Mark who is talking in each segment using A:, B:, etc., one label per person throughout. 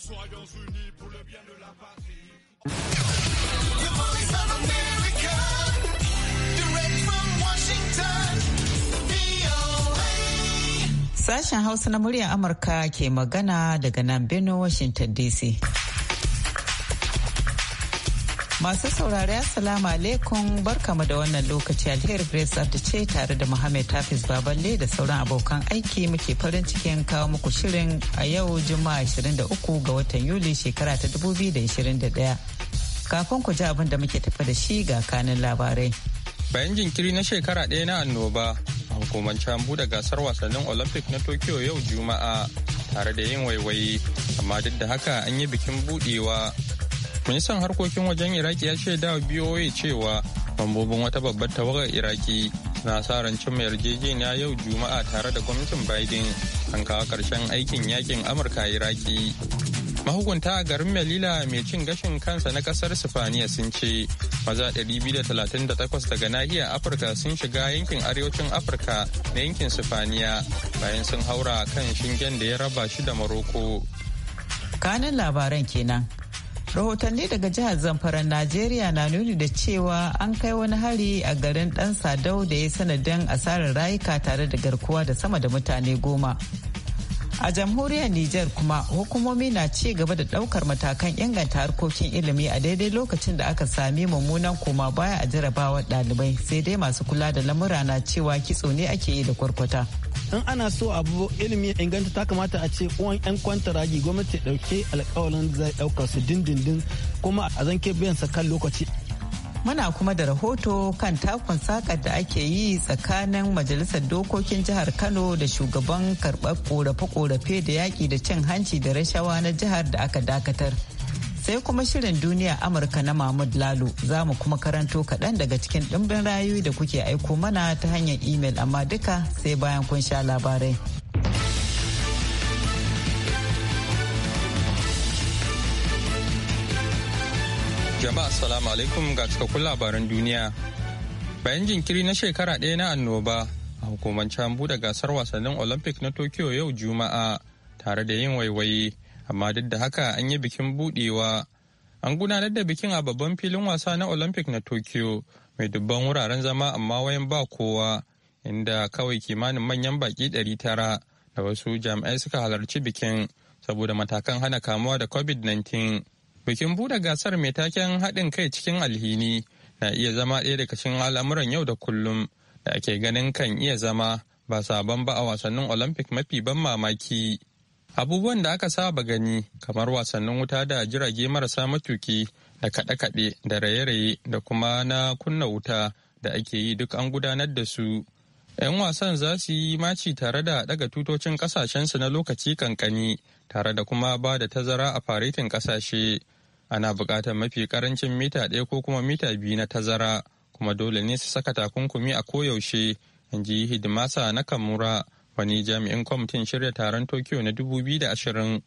A: Soyons unis pour le bien de la patrie.
B: Sashen Hausa na murya Amurka ke magana daga nan Benue, Washington DC. Masu saurari Assalamu alaikum barkamu da wannan lokaci alheri Grace Abdi ce tare da Muhammad tafis Baballe da sauran abokan aiki muke farin cikin kawo muku shirin a yau Juma'a 23 ga watan Yuli shekara ta 2021. Kafin ku ji abin da muke tafi da shi ga kanin labarai.
C: Bayan jinkiri na shekara ɗaya na annoba, a hukumance an buɗe gasar wasannin Olympic na Tokyo yau Juma'a tare da yin waiwaye, amma duk da haka an yi bikin budewa. ministan harkokin wajen iraki ya shaida wa boa cewa mambobin wata babbar tawagar iraki na sa rancin mai yarjejeniya yau juma'a tare da gwamnatin biden an kawo karshen aikin yakin amurka iraki mahukunta a garin melila mai cin gashin kansa na kasar sifaniya sun ce maza 238 daga nahiyar afirka sun shiga yankin arewacin afirka na yankin sifaniya bayan sun haura kan shingen da ya raba shi da maroko
B: kanin labaran kenan rahotanni daga jihar zamfara najeriya na nuni da cewa an kai wani hari a garin dan sadau da ya sanadin asarar rayuka tare da garkuwa da sama da mutane goma a jamhuriyar niger kuma hukumomi na ci gaba da daukar matakan inganta harkokin ilimi a daidai lokacin da aka sami mummunan koma baya a jarabawar dalibai sai dai masu kula da lamura na cewa kitso ne ake yi da kwarkwata.
A: in ana so abu ilimi inganta ta kamata a ce uwan yan kwantaragi gwamnati dauke
B: alkawalin zai dauka su dindindin kuma a zanke biyan sa kan lokaci muna kuma da rahoto kan takon sakar da ake yi tsakanin majalisar dokokin jihar kano da shugaban karɓar korafe-korafe da yaƙi da cin hanci da rashawa na jihar da aka dakatar sai kuma shirin duniya Amurka na Mahmud Lalo za mu kuma karanto kaɗan daga cikin ɗimbin rayuwa da kuke aiko mana ta hanyar imel amma duka sai bayan kun sha labarai.
C: Jama'a Assalamu alaikum ga cikakkun labaran duniya. Bayan jinkiri na shekara ɗaya na annoba, a hukumance an buɗe gasar wasannin Olympic na Tokyo yau Juma'a tare da yin waiwaye amma duk da haka an yi bikin budewa an gudanar da bikin a babban filin wasa na olympic na tokyo mai dubban wuraren zama amma wayan ba kowa inda kawai kimanin manyan baki tara da wasu jami'ai suka halarci bikin saboda matakan hana kamuwa da covid-19 bikin buɗe gasar mai taken haɗin kai cikin alhini na iya zama ɗaya daga cikin al'amuran yau da kullum da ake ganin kan iya zama ba sabon ba a wasannin olympic mafi ban mamaki abubuwan da aka saba gani kamar wasannin wuta da jirage marasa matuki da kaɗe-kaɗe da raye-raye da kuma na kunna wuta da ake yi duk an gudanar da su 'yan wasan za su yi maci tare da ɗaga tutocin ƙasashensu na lokaci kankani tare da kuma ba da tazara a faretin ƙasashe ana buƙatar mafi ƙarancin mita ɗaya ko kuma mita biyu na tazara kuma dole ne su saka takunkumi a koyaushe in ji hidimasa na kamura wani jami'in kwamitin shirya taron tokyo na 2020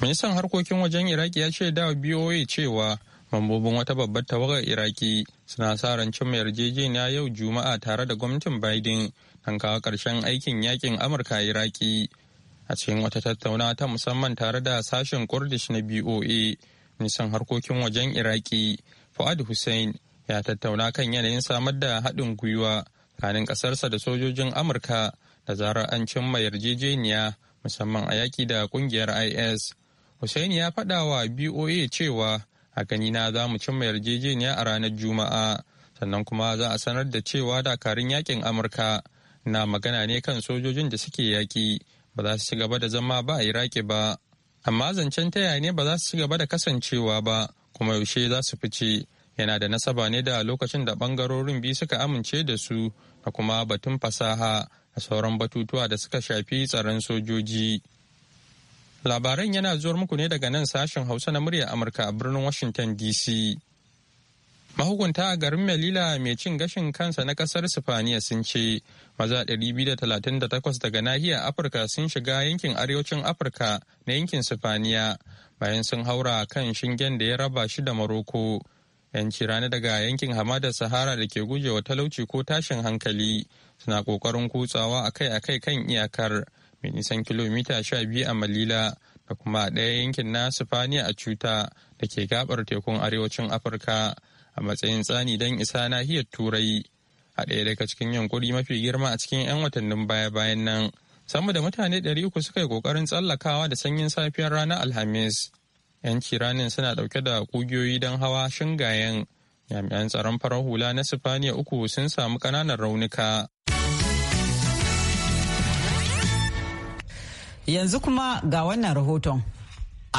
C: ministan harkokin wajen iraki ya ce dawa boa cewa mambobin wata babbar tawagar iraki suna sa ran ma yarjejeniya yau juma'a tare da gwamnatin biden don kawo ƙarshen aikin yakin amurka iraki a cikin wata tattaunawa ta musamman tare da sashen kurdish na boa nisan harkokin wajen iraki fuad hussein ya tattauna kan yanayin samar da haɗin gwiwa tsakanin ƙasarsa da sojojin amurka da zarar an cimma yarjejeniya musamman a yaki da ƙungiyar is Hussaini ya faɗa wa boa cewa a ganina za mu cimma yarjejeniya a ranar juma'a sannan kuma za a sanar da cewa dakarun yakin amurka na magana ne kan sojojin da suke yaƙi ba za su ci gaba da zama ba a iraki ba amma zancen taya ne ba za su ci gaba da kasancewa ba kuma yaushe za su fice yana da nasaba ne da lokacin da bangarorin biyu suka amince da su da kuma batun fasaha a sauran batutuwa da suka shafi tsaron sojoji. Labaran yana zuwar muku ne daga nan sashen Hausa na murya Amurka a birnin Washington DC. Mahukunta a garin Melila mai cin gashin kansa na kasar Sifaniya sun ce maza 238 daga nahiyar Afirka sun shiga yankin arewacin Afirka na yankin Sifaniya bayan sun haura kan shingen da ya raba shi da Maroko. 'Yanci rana daga yankin hamadar Sahara da ke gujewa talauci ko tashin hankali suna ƙoƙarin kutsawa akai-akai kan iyakar mai nisan kilomita sha biyu a Malila da kuma ɗaya yankin na Sifaniya a Cuta da ke gabar tekun arewacin Afirka a matsayin tsani don isa nahiyar Turai. A ɗaya daga cikin yankuri mafi girma a cikin 'yan watannin baya-bayan nan, sama da mutane uku suka yi ƙoƙarin tsallakawa da sanyin safiyar ranar Alhamis. 'Yan kiranin suna ɗauke da ƙugiyoyi don hawa shingayen jami'an tsaron farar hula na sifaniya uku sun samu ƙananan raunuka
B: yanzu kuma ga wannan rahoton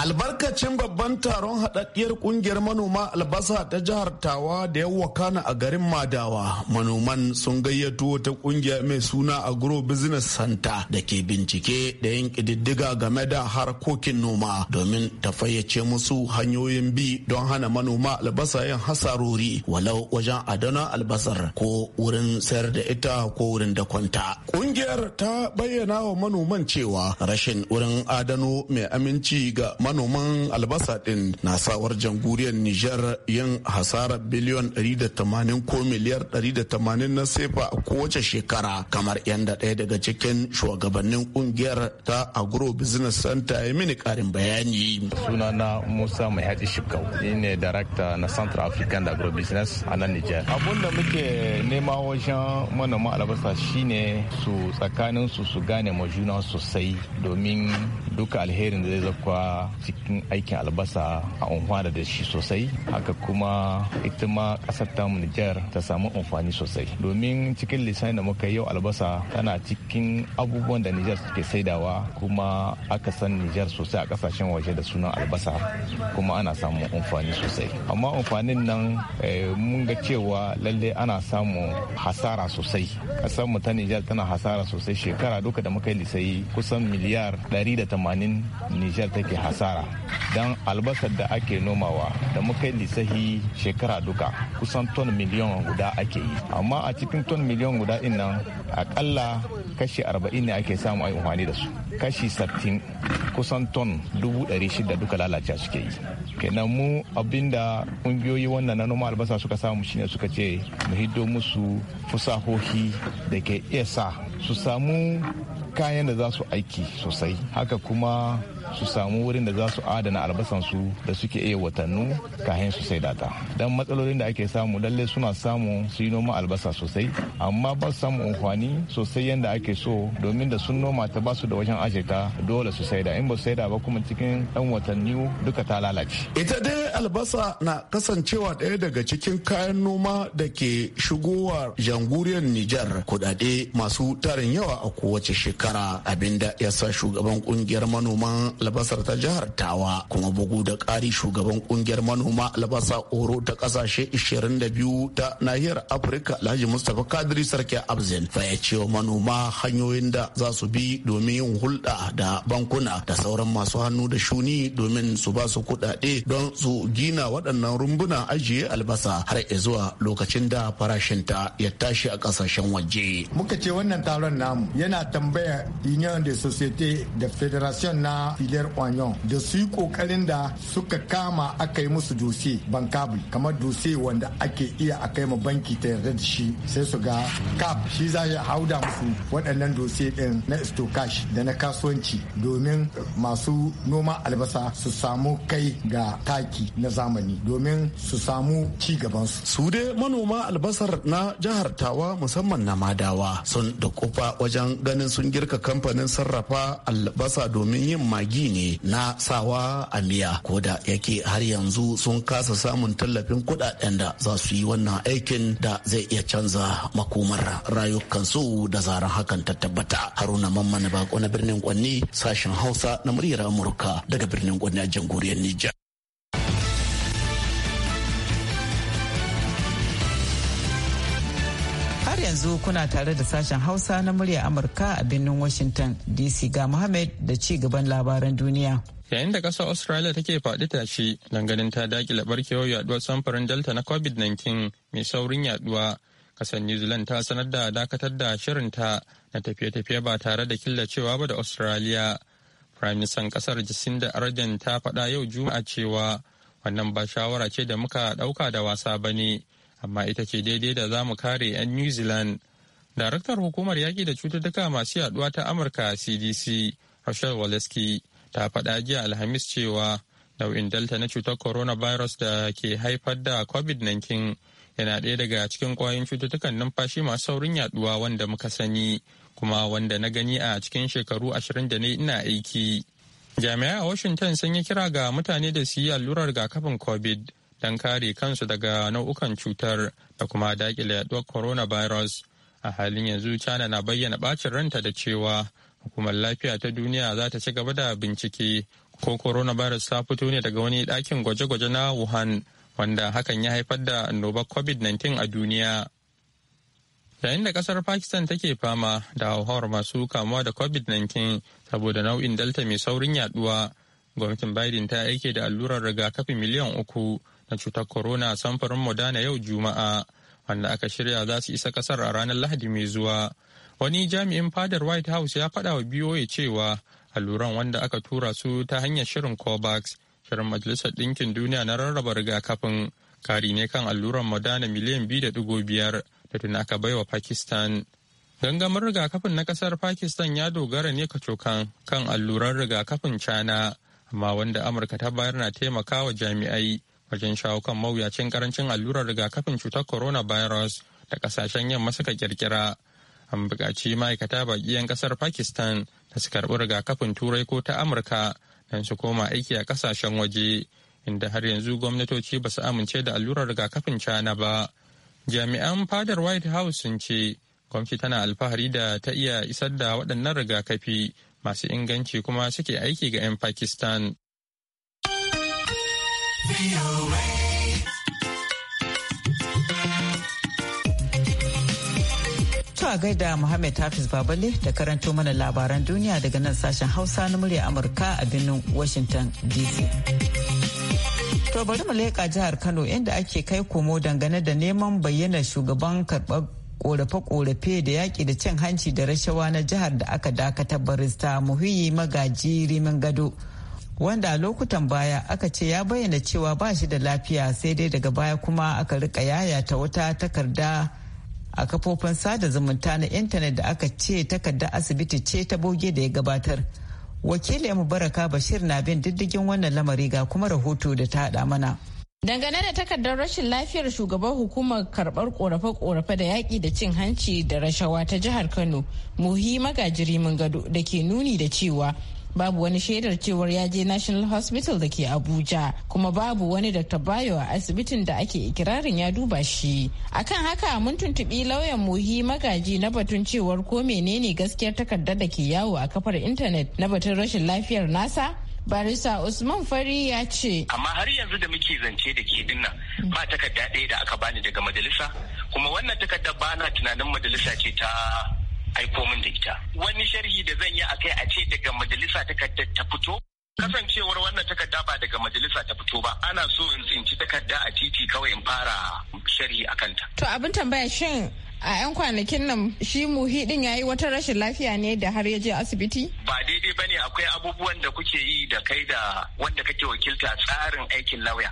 D: albarkacin babban taron haɗaɗɗiyar ƙungiyar manoma albasa ta jihar tawa da ya kana a garin madawa manoman sun gayyato wata ƙungiya mai suna agro business center da ke bincike da yin ƙididdiga game da harkokin noma domin ta fayyace musu hanyoyin bi don hana manoma albasa yin hasarori walau wajen adana albasar ko wurin sayar da ita ko wurin da kwanta ƙungiyar ta bayyana wa manoman cewa rashin wurin adano mai aminci ga manoman albasa din na sawar janguriyar Nijar yin hasara biliyon 180 ko miliyar 180 na sefa a kowace shekara kamar yadda ɗaya daga
E: cikin shugabannin kungiyar ta Agro Business Center ya mini karin bayani. na Musa Mai Haji Shikau ne darakta na Central African Agro Business a nan Nijar. Abun da muke nema wajen manoman albasa shine su tsakaninsu su gane ma sosai domin duka alherin da zai zakwa cikin aikin albasa a unhwana da shi sosai haka kuma ita ma kasar ta Nijar ta samu amfani sosai domin cikin lisan da muka yau albasa tana cikin abubuwan da Nijar suke saidawa kuma aka san Nijar sosai a kasashen waje da sunan albasa kuma ana samu amfani sosai amma amfanin nan eh, mun ga cewa lalle ana samun hasara sosai kasar mu ta Nijar tana hasara sosai shekara duka da muka yi lissani kusan miliyar 180 Nijar take hasara asara don albasar da ake nomawa da muka yi lissahi shekara duka kusan ton miliyan guda ake yi amma a cikin ton miliyan guda din nan akalla kashi 40 ne ake samu a amfani da su kashi 60 kusan ton 600 duka lalace suke yi kenan mu abinda kungiyoyi wannan na noma albasa suka samu shine suka ce mu hiddo musu fusahohi da ke iya sa su samu kayan da za su aiki sosai haka kuma su samu wurin da za su adana albasansu da suke iya watannu kahin su sai data don matsalolin da ake samu lalle suna samu su yi noma albasa sosai amma ba su samu amfani sosai yadda ake so domin da sun noma ta ba su da wajen aje ta dole su saida in ba su saida ba kuma cikin dan watanni duka ta lalace
D: ita dai albasa na kasancewa ɗaya daga cikin kayan noma da ke shigowa janguriyar Nijar kudade masu tarin yawa a kowace shekara abinda ya sa shugaban kungiyar manoman albasar ta jihar tawa kuma bugu da ƙari shugaban kungiyar manoma albasa oro ta ƙasashe 22 ta nahiyar afirka alhaji mustapha kadiri sarki abzin faya ya manoma hanyoyin da za su bi domin yin hulɗa da bankuna da sauran masu hannu da shuni domin su ba su kuɗaɗe don su gina waɗannan rumbuna ajiye albasa har zuwa lokacin da farashin ta ya tashi a kasashen waje. Muka ce wannan taron namu yana tambaya Union de Société da Federation na filar onion da su yi kokarin da suka kama aka yi musu dose bankable kamar dose wanda ake iya a kai ma banki ta yarda da shi sai su ga kap shi za ya hauda musu waɗannan dose ɗin na stokash da na kasuwanci domin masu noma albasa su samu kai ga taki na zamani domin su samu ci gabansu. su dai manoma albasar na jihar tawa musamman na madawa sun da kufa wajen ganin sun girka kamfanin sarrafa albasa domin yin magi ji ne na sawa a miya ko da yake har yanzu sun kasa samun tallafin kudaden da za su yi wannan aikin da zai iya canza makomar rayukansu da zarar hakan ta tabbata haruna mamman bako na birnin kwanni sashen hausa na muryar amurka daga birnin kwanni a jamhuriyar nijar
B: yanzu kuna tare da sashen Hausa na murya Amurka a birnin Washington DC ga Muhammad da ci gaban labaran duniya.
C: Yayin da ƙasar Australia take faɗi tashi ganin ta dakile barkewar yaduwar samfurin Delta na COVID-19 mai saurin yaduwa. Ƙasar New Zealand ta sanar da dakatar da shirinta na tafiye-tafiye ba tare da killacewa ba da Australia. Firaministan ƙasar Jacinda Ardern ta faɗa yau Juma'a cewa wannan ba shawara ce da muka ɗauka da wasa ba ne. amma ita ce daidai da za mu kare 'yan New Zealand. Daraktar hukumar yaƙi da cututtuka masu Yaɗuwa ta Amurka CDC, Rachel Waleski, ta faɗa jiya Alhamis cewa nau'in Delta na cutar coronavirus da ke haifar da COVID-19 yana ɗaya daga cikin ƙwayoyin cututtukan numfashi masu saurin yaɗuwa wanda muka sani kuma wanda na gani a cikin shekaru ashirin da ne ina aiki. Jami'ai a Washington sun yi kira ga mutane da su yi allurar rigakafin COVID don kare kansu daga nau'ukan cutar da kuma dakile yaduwar coronavirus a halin yanzu china na bayyana bacin ranta da cewa hukumar lafiya ta duniya za ta ci gaba da bincike ko coronavirus ta fito ne daga wani ɗakin gwaje-gwaje na wuhan wanda hakan ya haifar da annobar covid-19 a duniya yayin da kasar pakistan take fama da hauhawar masu kamuwa da covid-19 saboda nau'in delta mai saurin yaduwa gwamnatin biden ta aike da allurar rigakafi miliyan uku na cutar corona samfurin modana yau juma'a wanda aka shirya za su isa kasar a ranar lahadi mai zuwa wani jami'in fadar white house ya faɗa wa boa cewa alluran wanda aka tura su ta hanyar shirin covax shirin majalisar ɗinkin duniya na rarraba rigakafin kari ne kan alluran modana miliyan biyu da ɗigo biyar da tuna aka baiwa pakistan gangamin rigakafin na kasar pakistan ya dogara ne kacokan kan alluran rigakafin china amma wanda amurka ta bayar na taimakawa jami'ai wajen shawo kan mawuyacin karancin allurar rigakafin cutar corona virus da kasashen yamma suka kirkira an buƙaci ma'aikata baki 'yan ƙasar pakistan da su karɓi rigakafin turai ko ta amurka don su koma aiki a ƙasashen waje inda har yanzu gwamnatoci ba su amince da allurar rigakafin cana ba jami'an fadar white house sun ce gwamnati tana alfahari da ta iya isar da waɗannan rigakafi masu inganci kuma suke aiki ga 'yan pakistan
B: Tuwa gaida Muhammad Hafiz Babale da karanto mana labaran duniya daga nan sashen Hausa na murya Amurka a birnin Washington DC. To bari mu leƙa jihar Kano inda ake kai komo dangane da neman bayyana shugaban karɓar korafe-korafe da yaƙi da cin hanci da rashawa na jihar da aka dakatar barista muhiyi magaji rimin gado. wanda a lokutan baya aka ce ya bayyana cewa ba shi da lafiya sai dai daga baya kuma aka rika yaya ta wata takarda a kafofin sada zumunta na intanet da aka ce takarda asibiti ce ta boge da ya gabatar wakilin baraka bashir na bin diddigin wannan lamari ga kuma rahoto da ta haɗa mana
F: Dangane da takardar rashin lafiyar shugaban hukumar karɓar korafe-korafe da yaƙi da cin hanci da rashawa ta jihar Kano, Muhi Magajiri gado da ke nuni da cewa babu wani shaidar cewar ya je national hospital da ke abuja kuma babu wani dr bayo a asibitin da ake ikirarin ya duba shi akan haka mun tuntubi lauyan muhi magaji na batun cewar ko menene gaskiyar takardar da ke yawo a kafar intanet na batun rashin lafiyar nasa barisa usman fari ya ce
A: amma har yanzu da muke zance da ke dinnan ba takarda ɗaya da aka bani daga majalisa kuma wannan takarda ba na tunanin majalisa ce ta aiko min da ita wani sharhi da zan yi a kai a ce daga majalisa takardar ta fito kasancewar wannan takarda ba daga majalisa ta fito ba ana so in tsinci takarda a titi kawai in fara sharhi a
F: kanta. To abin tambaya shin a 'yan kwanakin nan shi muhiɗin ya yi wata rashin lafiya ne da har ya je asibiti?
A: Ba daidai ba ne akwai abubuwan da kuke yi da kai da wanda kake wakilta tsarin aikin lauya.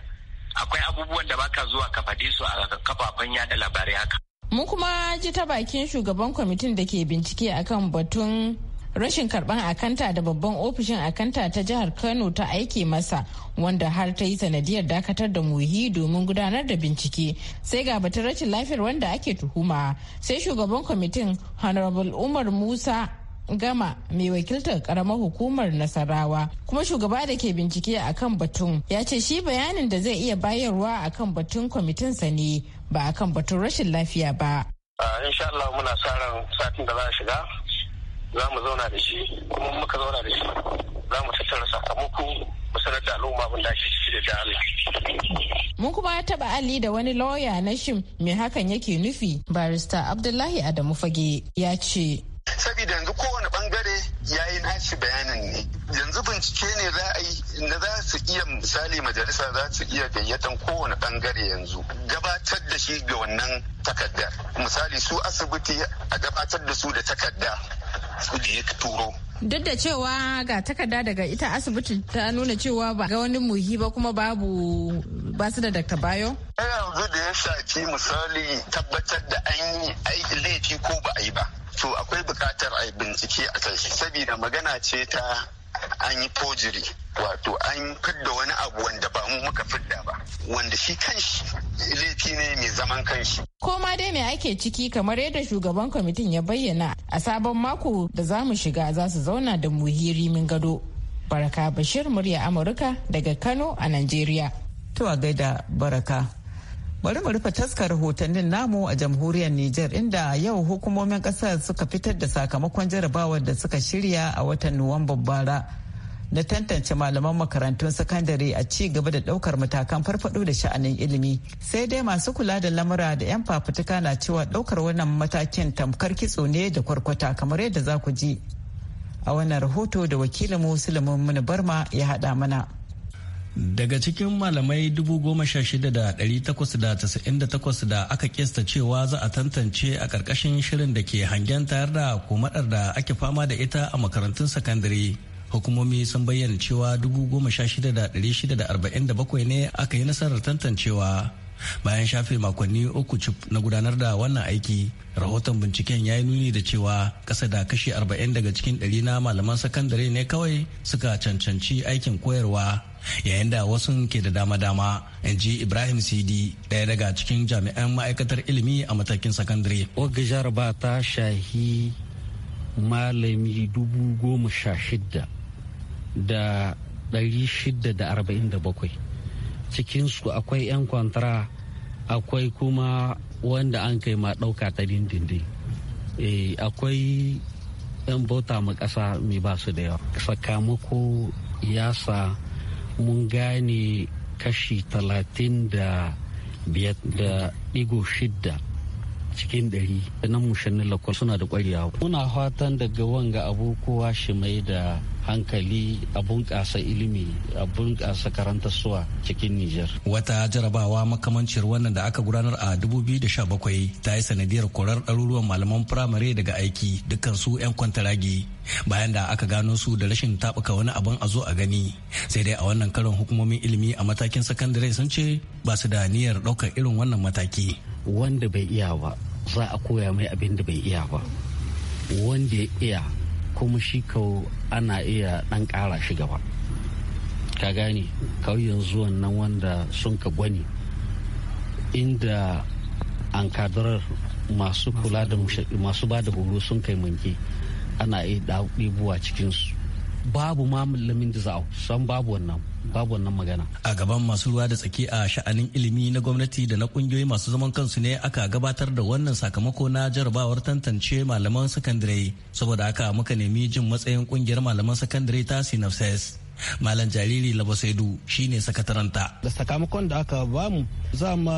A: Akwai abubuwan da baka zuwa ka faɗi su a kafafen
G: yada labarai haka.
F: Mun kuma ji ta bakin shugaban kwamitin da ke bincike akan batun rashin karban akanta da babban ofishin akanta ta jihar Kano ta aike masa wanda har ta yi sanadiyar dakatar da muhi domin gudanar da bincike sai ga batun rashin lafiyar wanda ake tuhuma sai shugaban kwamitin honorable umar musa gama mai wakiltar karamar hukumar nasarawa kuma shugaba da ke bincike akan batun ya ce shi bayanin da zai iya bayarwa akan batun kwamitinsa ne ba akan batun rashin lafiya ba.
G: Ah, insha Allah muna sa ran satin da za a shiga za mu zauna da shi kuma muka zauna da shi za mu tattara sakamako mu sanar da al'umma abin da ake ciki da Allah.
F: Mun kuma taɓa Ali da wani lauya na shim mai hakan yake nufi barista Abdullahi Adamu Fage ya ce
D: saboda yanzu kowane bangare ya yi nashi bayanin ne yanzu bincike ne za a na za su iya misali majalisa za su iya gayyatan kowane bangare yanzu gabatar da shi ga wannan takardar misali su asibiti a gabatar da su da takarda su da ya turo
F: duk da cewa ga takarda daga ita asibiti ta nuna cewa ba ga wani muhi ba kuma babu ba su da dr bayo
D: eh, yanzu da ya saci misali tabbatar da an yi aiki laifi ko ba a yi ba to akwai bukatar a bincike a kai saboda magana ce ta an yi fojiri wato an fidda wani abu wanda muka fidda ba wanda shi kanshi laifi ne mai zaman kanshi
F: koma dai mai ake ciki kamar yadda shugaban kwamitin ya bayyana a sabon mako da za mu shiga za su zauna da muhiri min gado baraka bashir murya amurka daga kano a nigeria to a gaida
B: baraka bari mu rufe taskar rahotannin namu a jamhuriyar Nijar inda yau hukumomin kasar suka fitar da sakamakon jarabawar da suka shirya a watan Nuwamban bara. na tantance malaman makarantun sakandare a ci gaba da daukar matakan farfado da sha'anin ilimi sai dai masu kula da lamura da 'yan fafutuka na cewa daukar wannan matakin tamkar kitso ne da kwarkwata kamar yadda za ku ji a wannan rahoto da wakilin musulmin mun barma ya haɗa mana
A: daga cikin malamai 16,898 da aka kista cewa za a tantance a ƙarƙashin shirin da ke hangen tayar da komadar da ake fama da ita a makarantun sakandare hukumomi sun bayyana cewa 16,647 ne aka yi nasarar tantancewa bayan shafe makonni uku cif na gudanar da wannan aiki rahoton binciken ya yi nuni da cewa kasa da kashi 40 daga cikin ɗari na malaman sakandare ne kawai suka cancanci aikin koyarwa yayin da wasu ke da dama-dama in ji ibrahim sidi ɗaya daga cikin jami'an ma'aikatar
G: ilimi a matakin sakandare wagga jaraba ta shahi malami dubu goma sha shidda da 647 cikinsu akwai 'yan kwantara akwai kuma wanda an kai ma ɗauka ta dindindin eh, akwai 'yan bauta ma ƙasa mai ba su da yawa sakamako ya sa mun gane kashi talatin da biyar da ɗigo shidda cikin ɗari nan mushannin lakwal suna da ƙwarewa muna fatan daga wanga abu kowa shi mai da hankali a bunƙasa ilimi a bunƙasa karanta suwa cikin Nijar.
A: Wata jarabawa makamancin wannan da aka gudanar a 2017 ta yi sanadiyar korar ɗaruruwan malaman firamare daga aiki dukkan su 'yan kwantaragi bayan da aka gano su da rashin taɓuka wani abin a zo a gani sai dai a wannan karin hukumomin ilimi a matakin sakandare sun ce ba su da niyyar ɗaukar irin wannan mataki. Wanda
G: bai iya ba za a koya mai abin da bai iya ba wanda ya iya kuma shi kawo ana iya ɗan ƙara shi gaba ka gane kauyen zuwan nan wanda sun ka gwani inda an kadarar masu kula da masu ba da horo sun kai manke ana iya ɗibuwa cikinsu babu ma da za'a san babu wannan babu wannan
A: magana a gaban masu ruwa da tsaki a sha'anin ilimi na gwamnati da na kungiyoyi masu zaman kansu ne aka gabatar da wannan sakamako na jarabawar tantance malaman sakandare saboda haka muka nemi jin matsayin kungiyar malaman sakandare ta sinapses malam jariri labasaidu shine sakataranta da sakamakon da aka bamu za mu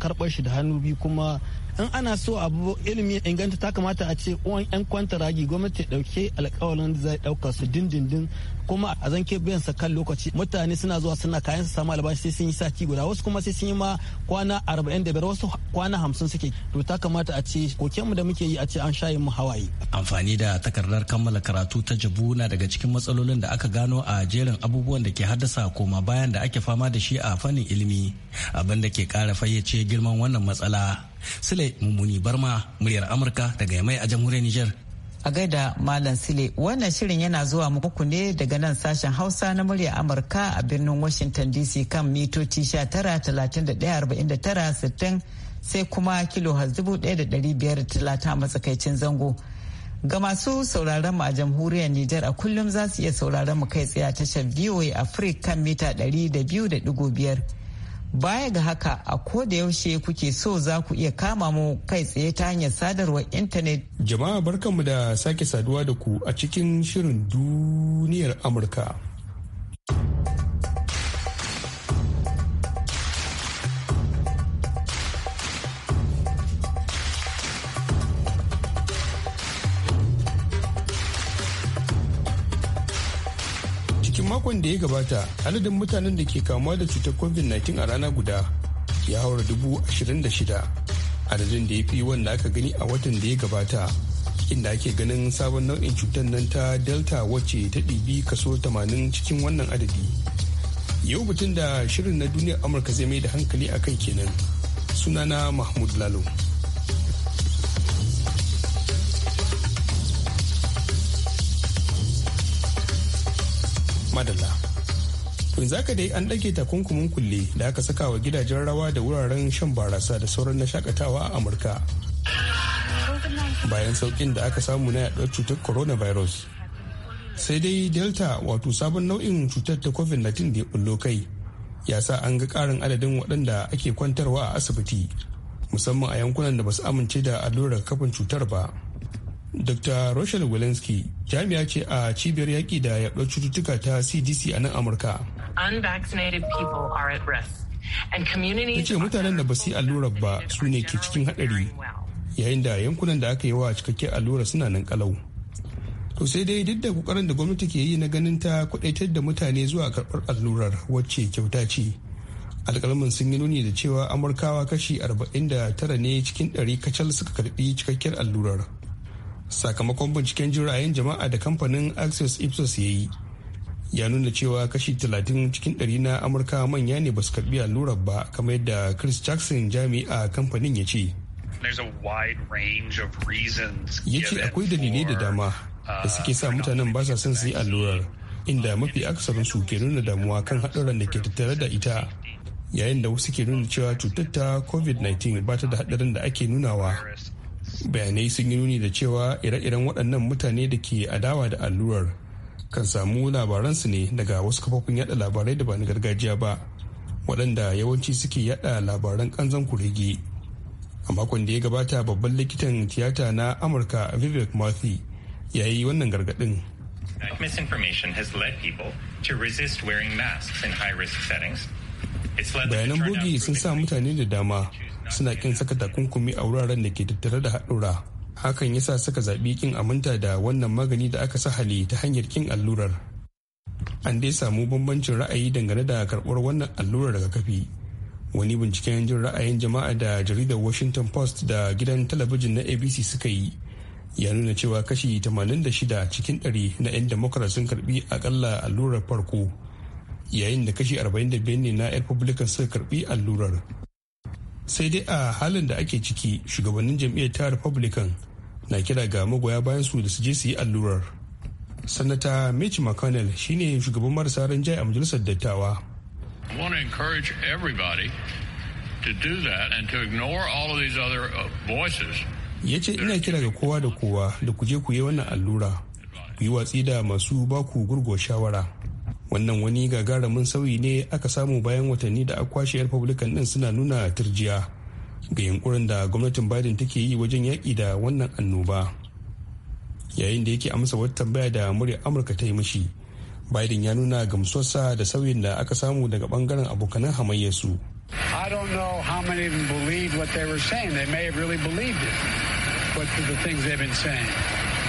A: karɓar shi da hannu biyu kuma in ana so abu ilimi inganta ta kamata a ce uwan yan kwantaragi gwamnati dauke alkawalin zai dauka su dindindin kuma a zanke biyan sa kan lokaci mutane suna zuwa suna kayan su samu albashi sai sun yi sati guda wasu kuma sai sun yi ma kwana 45 wasu kwana 50 suke to ta kamata a ce koken mu da muke yi a ce an shayin mu hawaye amfani da takardar kammala karatu ta jabu na daga cikin matsalolin da aka gano a jerin abubuwan da ke haddasa koma bayan da ake fama da shi a fannin ilimi abin da ke kara fayyace girman wannan matsala Sule Mummuni Barma muryar Amurka daga Yamai a jamhuriyar niger.
B: A gaida Malam Sule wannan shirin yana zuwa muku ne daga nan sashen Hausa na muryar Amurka a birnin Washington DC kan mitoci 19,31,49,60 sai kuma kilo 1,530 matsakaicin zango. Ga masu sauraron mu a jamhuriyar Nijar a kullum za su iya sauraron mu kai tsaye tashar VOA Africa kan mita 200.5. Baya ga haka a ko da yaushe kuke so za ku iya kama mu kai tsaye ta hanyar sadarwar intanet.
H: Jama'a barkanmu da sake saduwa da ku a cikin shirin duniyar Amurka. makon da ya gabata adadin mutanen da ke kamuwa da cutar covid-19 a rana guda ya haura dubu ashirin da shida adadin da ya fi wanda aka gani a watan da ya gabata inda ake ganin sabon nau'in cutar nan ta delta wacce ta ɗibi kaso 80 cikin wannan adadi yau batun da shirin na duniyar amurka zai mai da hankali akan kenan sunana mahmud lalo madalla yanzu haka dai an ɗage takunkumin kulle da aka saka wa gidajen rawa da wuraren shan barasa da sauran na shakatawa a amurka bayan saukin da aka samu na yaɗuwar cutar coronavirus sai dai delta wato sabon nau'in cutar ta covid-19 da ya bullo kai ya sa an ga ƙarin adadin waɗanda ake kwantarwa a asibiti musamman a yankunan da ba su amince da allurar kafin cutar ba. dr rochelle walensky jami'a ce a cibiyar yaƙi da yaɗuwar cututtuka ta cdc a nan amurka
F: unvaccinated people are at risk ta ce
H: mutanen da ba su yi allurar ba su ne ke cikin haɗari yayin da yankunan da aka yi wa cikakken allurar suna nan kalau to sai dai duk da kokarin da gwamnati ke yi na ganin ta kudaitar da mutane zuwa karɓar allurar wacce kyauta ce Alƙalmin sun yi nuni da cewa amurkawa kashi 49 ne cikin 100 kacal suka karɓi cikakkiyar allurar sakamakon binciken jirayen jama'a da kamfanin access ipsos ya yi ya nuna cewa kashi 30 cikin 100 na amurka manya ne ba su karbi allurar ba kamar yadda chris jackson jami'a kamfanin ya ce ya ce akwai dalilai da dama uh, da suke sa mutanen ba sa son su yi allurar inda mafi su ke nuna damuwa kan haɗarin da ke tattare da ita yayin da wasu ke nuna cewa cutar ta covid-19 ba ta da haɗarin da ake nunawa bayanai sun yi nuni da cewa ire-iren waɗannan mutane da ke adawa da allurar kan samu labaransu ne daga wasu kafofin yada labarai da ba na gargajiya ba waɗanda yawanci suke yada labaran kanzan kurege a makon da ya gabata babban likitan tiyata na amurka vivek murphy ya yi wannan gargaɗin bayanan bogi sun sa mutane da dama suna kin saka takunkumi a wuraren da ke tattare da haɗura hakan yasa suka zaɓi kin aminta da wannan magani da aka sa hali ta hanyar kin allurar an dai samu bambancin ra'ayi dangane da karɓar wannan allurar daga kafi. wani binciken jin ra'ayin jama'a da jaridar washington post da gidan talabijin na abc suka yi ya nuna cewa kashi 86 cikin 100 na 'yan democrat sun karbi akalla allurar farko yayin da kashi 45 ne na republican suka karbi allurar sai dai a halin da ake ciki shugabannin jam'iyyar ta republican na kira ga magoya bayan su da su je su yi allurar sanata mitch mcconnell shine shugaban marasa ran jai a majalisar dattawa uh, ya ce ina kira ga kowa da kowa da ku je ku yi wannan allura ku yi watsi da masu baku gurgo shawara wannan wani gagarumin sauyi ne aka samu bayan watanni da akwashe republican din suna nuna turjiya ga yunkurin da gwamnatin biden take yi wajen yaƙi da wannan annoba yayin da yake amsa wata tambaya da murya amurka ta yi mashi biden ya nuna gamsuwarsa da sauyin da aka samu daga bangaren abokanan hamayyarsu
G: I don't know how many what they were saying. They the things they've been saying.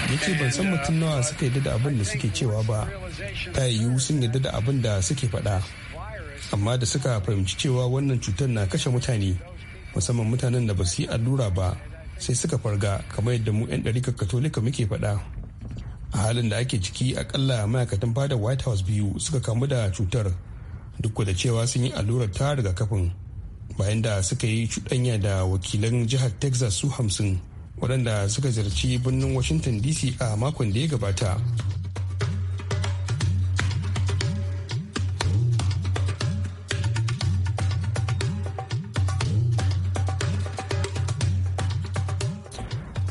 H: yace ban san mutum nawa suka yi da abin da suke cewa ba ta yiwu sun yadda da abin da suke faɗa amma da suka fahimci cewa wannan cutar na kashe mutane musamman mutanen da ba su yi allura ba sai suka farga kamar yadda mu 'yan ɗarikar katolika muke faɗa a halin da ake ciki akalla ma'aikatan fada white house biyu suka kamu da cutar duk da cewa sun yi allurar ta rigakafin bayan da suka yi cuɗanya da wakilan jihar texas su hamsin waɗanda suka ziyarci birnin washington dc a makon da ya gabata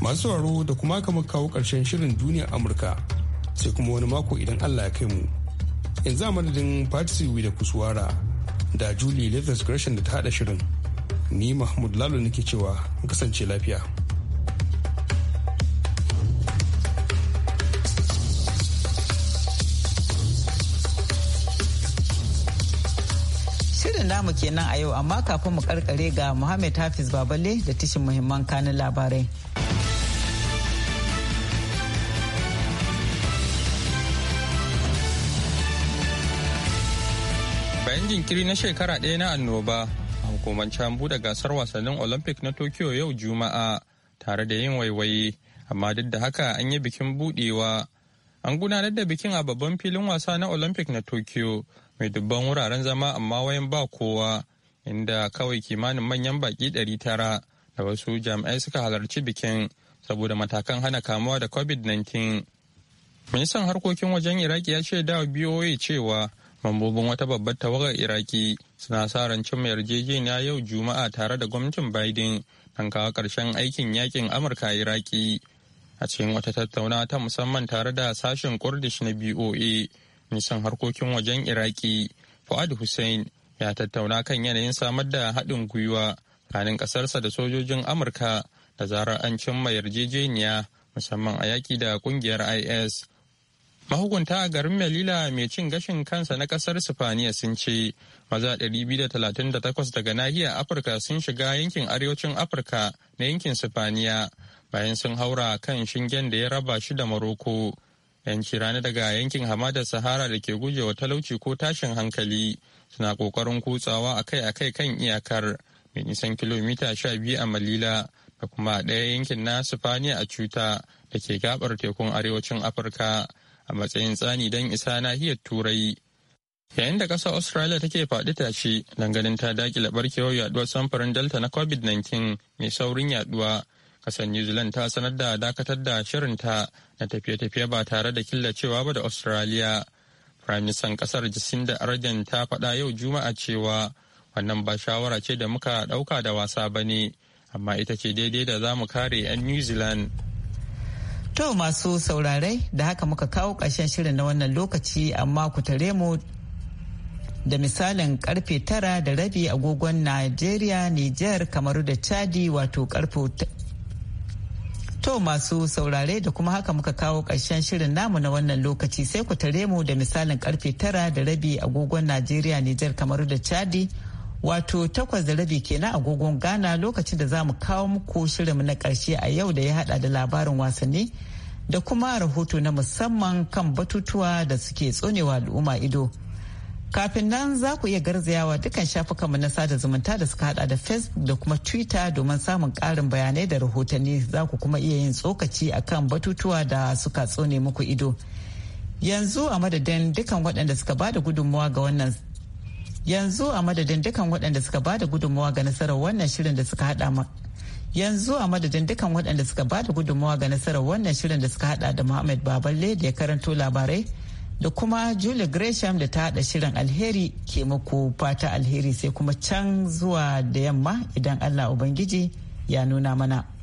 H: masu sauraro da kuma kamar kawo ƙarshen shirin duniyar amurka sai kuma wani mako idan allah ya kai mu yanzu a madadin fatisiwi da kusuwara da julie leathers gresham da ta haɗa shirin ni mahmud lalo nake cewa kasance lafiya.
B: mu kenan a yau amma kafin mu karkare ga Muhammad Hafiz Baballe da tishin muhimman kanin labarai.
C: Bayan jinkiri na shekara ɗaya na annoba, a an buɗe gasar wasannin Olympic na Tokyo yau Juma'a tare da yin waiwaye, amma duk da haka an yi bikin buɗewa. An gudanar da bikin a babban filin wasa na Olympic na Tokyo mai dubban wuraren zama amma wayan ba kowa inda kawai kimanin manyan baki 900 da wasu jami'ai suka halarci bikin saboda matakan hana kamuwa da covid-19 ministan harkokin wajen iraki ya ce dawa boa cewa mambobin wata babbar tawagar iraki suna sa ran mai yarjejeniya yau juma'a tare da gwamnatin biden don kawo ƙarshen aikin yakin amurka iraki a cikin wata tattaunawa ta musamman tare da sashen kurdish na boa nisan harkokin wajen iraki fuad hussein ya tattauna kan yanayin samar da haɗin gwiwa kanin ƙasarsa da sojojin amurka da zarar an cimma yarjejeniya musamman a yaƙi da ƙungiyar is mahukunta a garin melila mai cin gashin kansa na ƙasar sifaniya sun ce maza 238 daga nahiyar afirka sun shiga yankin arewacin afirka na yankin sifaniya bayan sun haura kan shingen da ya raba shi da maroko 'yanci rana daga yankin hamadar sahara da ke gujewa talauci ko tashin hankali suna kokarin kutsawa akai-akai kan iyakar mai nisan kilomita sha biyu a malila da kuma a ɗaya yankin na sifaniya a cuta da ke gabar tekun arewacin afirka a matsayin tsani don isa nahiyar turai yayin da ƙasar australia take faɗi tashi dangane ta dakile barkewar yaduwar samfurin delta na covid-19 mai saurin yaduwa kasar new zealand ta sanar da dakatar da shirinta na tafiye-tafiye ba tare da killacewa ba da australia firaministan kasar jacinda ardern ta faɗa yau juma'a cewa wannan ba shawara ce da muka ɗauka da wasa ba ne amma ita ce daidai da za mu kare 'yan new zealand
B: to masu saurare da haka muka kawo ƙarshen shirin na wannan lokaci amma ku tare mu da misalin karfe tara da rabi agogon Najeriya, Nijar, Kamaru da Chadi wato karfe To masu saurare da kuma haka muka kawo karshen shirin namu na wannan lokaci sai ku tare mu da misalin karfe tara da rabi agogon Najeriya Nijar kamar da Chadi wato takwas da rabi kenan agogon Ghana lokacin da za mu kawo muku shirin na karshe a yau da ya hada da labarin wasanni da kuma rahoto na musamman kan batutuwa da suke tsonewa al'umma ido. Kafin nan za ku iya garzayawa dukkan shafukanmu na sada zumunta da suka hada da Facebook da kuma Twitter domin samun karin bayanai da rahotanni za ku kuma iya yin tsokaci akan batutuwa da suka tsone muku ido. Yanzu a madadin dukkan waɗanda suka da gudunmawa ga wannan yanzu a madadin dukkan waɗanda suka da gudunmawa ga nasarar wannan shirin da suka hada ma yanzu a madadin dukkan waɗanda suka da gudunmawa ga nasarar wannan shirin da suka hada da Muhammad Baballe da ya karanto labarai da kuma Julia Gresham da ta hada shirin alheri ke mako fata alheri sai kuma can zuwa da yamma idan Allah Ubangiji ya nuna mana.